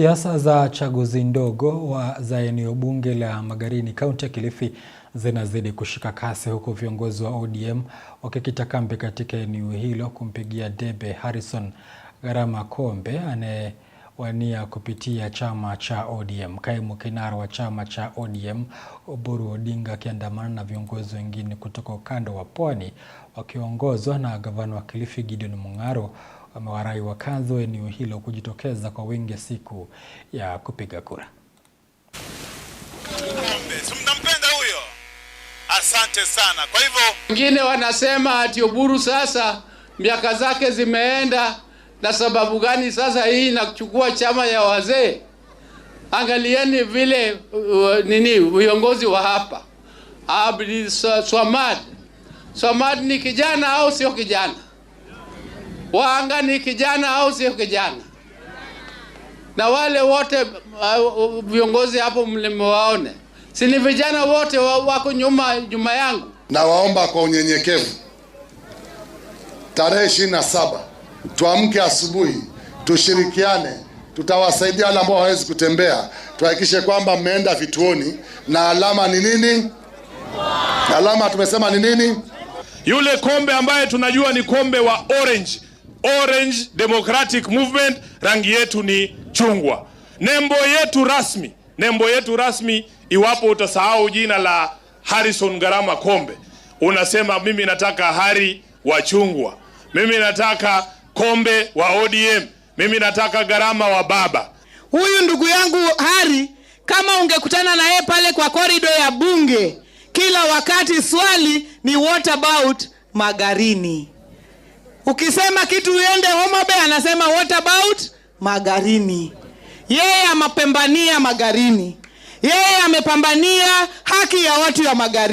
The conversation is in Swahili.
Siasa za chaguzi ndogo za eneo bunge la Magarini kaunti ya Kilifi zinazidi kushika kasi huku viongozi wa ODM wakikita kambi katika eneo hilo kumpigia debe Harrison Garama Kombe anayewania kupitia chama cha ODM. Kaimu kinara wa chama cha ODM Oburu Odinga akiandamana na viongozi wengine kutoka ukanda wa Pwani wakiongozwa na gavana wa Kilifi Gideon Mung'aro wamewarai wakazi wa eneo hilo kujitokeza kwa wingi siku ya kupiga kura. Mnampenda huyo, asante sana. Kwa hivyo wengine wanasema ati Oburu sasa miaka zake zimeenda, na sababu gani sasa hii inachukua chama ya wazee? Angalieni vile uh, uh nini viongozi wa hapa Abdi Swamad. Swamad ni kijana au sio kijana? Wanga ni kijana au sio kijana? Na wale wote uh, uh viongozi hapo mlimewaone, si ni vijana wote wako nyuma, nyuma yangu. Nawaomba kwa unyenyekevu, tarehe ishirini na saba tuamke asubuhi, tushirikiane, tutawasaidia wale ambao hawezi kutembea, tuhakikishe kwamba mmeenda vituoni na alama ni nini? Alama tumesema ni nini? Yule kombe ambaye tunajua ni kombe wa orange Orange Democratic Movement, rangi yetu ni chungwa. Nembo yetu rasmi, nembo yetu rasmi, iwapo utasahau jina la Harrison Garama Kombe, unasema mimi nataka Hari wa chungwa, mimi nataka Kombe wa ODM, mimi nataka Garama wa baba. Huyu ndugu yangu Hari, kama ungekutana na yeye pale kwa korido ya bunge, kila wakati swali ni what about Magarini. Ukisema kitu uende Homa Bay anasema what about Magarini. Yeye amepambania Magarini, yeye amepambania haki ya watu ya Magarini.